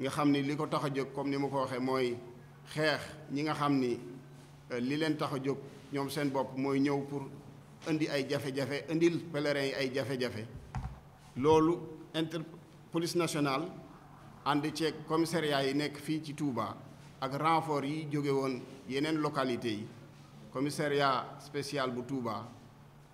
nga xam ni li ko tax a jóg comme ni ma ko waxee mooy xeex ñi nga xam ni euh, li leen tax a jóg ñoom seen bopp mooy ñëw pour indi ay jafe-jafe indil pèlerins yi ay jafe-jafe loolu inter police nationale ànd ceeg commissariat yi nekk fii ci Touba ak renfort yi jóge woon yeneen localité yi commissariat spécial bu Touba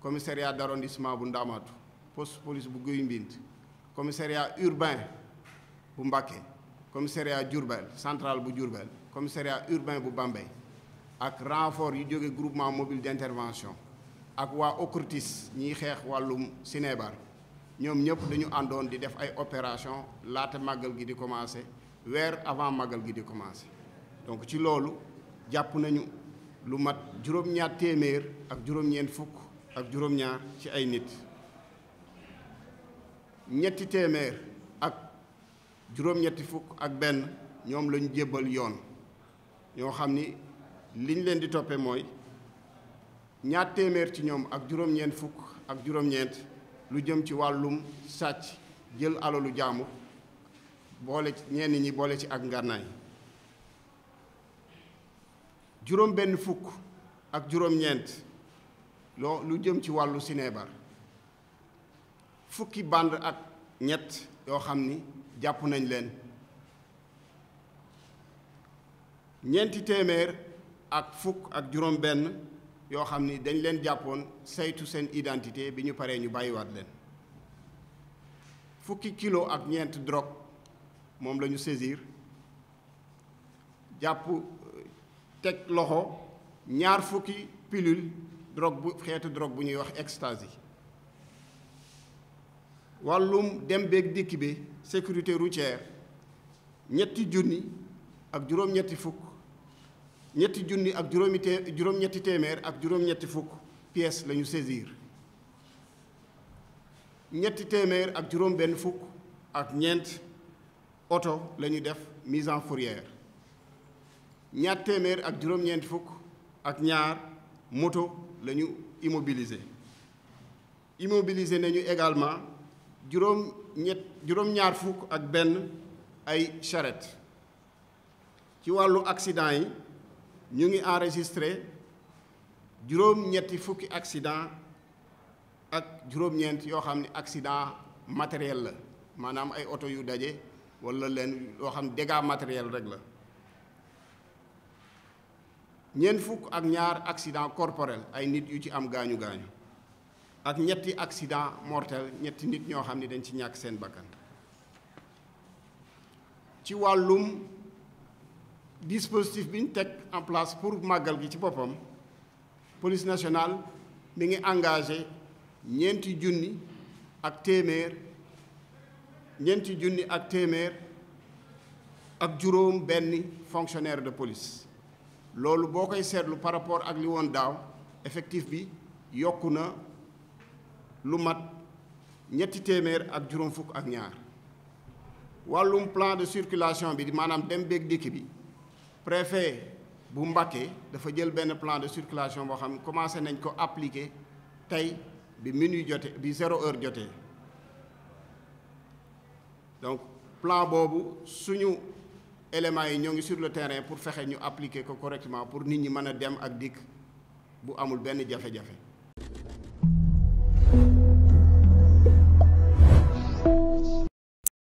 commissariat d'arrondissement bu Ndamatu poste police bu Guy Mbind commissariat urbain bu Mbacké commissariat Djourbel, central bu Djourbel, commissariat urbain bu Bambey ak renfort yu joge groupement mobile d'intervention ak wa OCRTIS ñi xex walum Sinébar ñom ñep dañu àndoon di def ay opération laté magal gi di commencer weer avant magal gi di commencer donc ci lolu japp nañu lu mat juróom-ñaar témèr ak juróom ñen fukk ak juróom-ñaar ci ay nit ñetti témèr juróom-ñetti fukk ak benn ñoom lañu jébbal yoon ñoo xam ni liñ leen di toppe mooy ñaar téeméer ci ñoom ak juróom-ñeent ak juróom lu jëm ci wàllum sàcc jël alalu jaamu boole ci ñenn ñi boole ci ak ngànnaay juróom benn fukk ak juróom-ñeent loo lu jëm ci wàllu sineebar fukki band ak ñett yoo xam ni jàpp nañ leen ñeenti téeméer ak fukk ak juróom-benn yoo xam ni dañ leen jàppoon saytu seen identité bi ñu paree ñu bàyyiwaat leen fukki kilo ak ñeent drogue moom la ñu jàpp teg loxo ñaar fukki pilule drogue bu xeetu drogue bu ñuy wax ecstasy walum dem bi sécurité routière ñetti junni ak juroom ñetti fukk ñetti ak ñetti ak ñetti pièces saisir ñetti téeméer ak ak mise en fourrière ak moto le immobiliser immobilisé également. juróom ñet juróom ñaar fukk ak benn ay charrette ci wàllu accident yi ñu ngi enregistré juróom ñetti fukki accident ak juróom ñeent yoo xam ne accident matériel la maanaam ay oto yu daje wala leen yoo xam dégâts matériel rek la ñeent fukk ak ñaar accident corporel ay nit yu ci am gaañu gaañu ak ñetti accident mortel ñetti nit ñoo xam ne dañ ci ñàkk seen bakkan ci wàllum dispositif bi ñu teg en place pour màggal gi ci boppam police nationale mi ngi engagé ñeenti junni ak téeméer ñeenti junni ak téeméer ak juróom benn fonctionnaire de police loolu boo koy seetlu par rapport ak li woon daaw effectif bi yokku na lu mat ñetti téeméer ak juróom fukk ak ñaar wàllum plan de circulation bi maanaam dem beeg dikk bi préfet bu Mbacké dafa jël benn plan de circulation boo xam commencé nañ ko appliquer tey bi minuit jotee bi zéro heure jotee donc plan boobu suñu éléments yi ñoo ngi sur le terrain pour fexe ñu appliquer ko correctement pour nit ñi mën a dem ak dikk bu amul benn jafe-jafe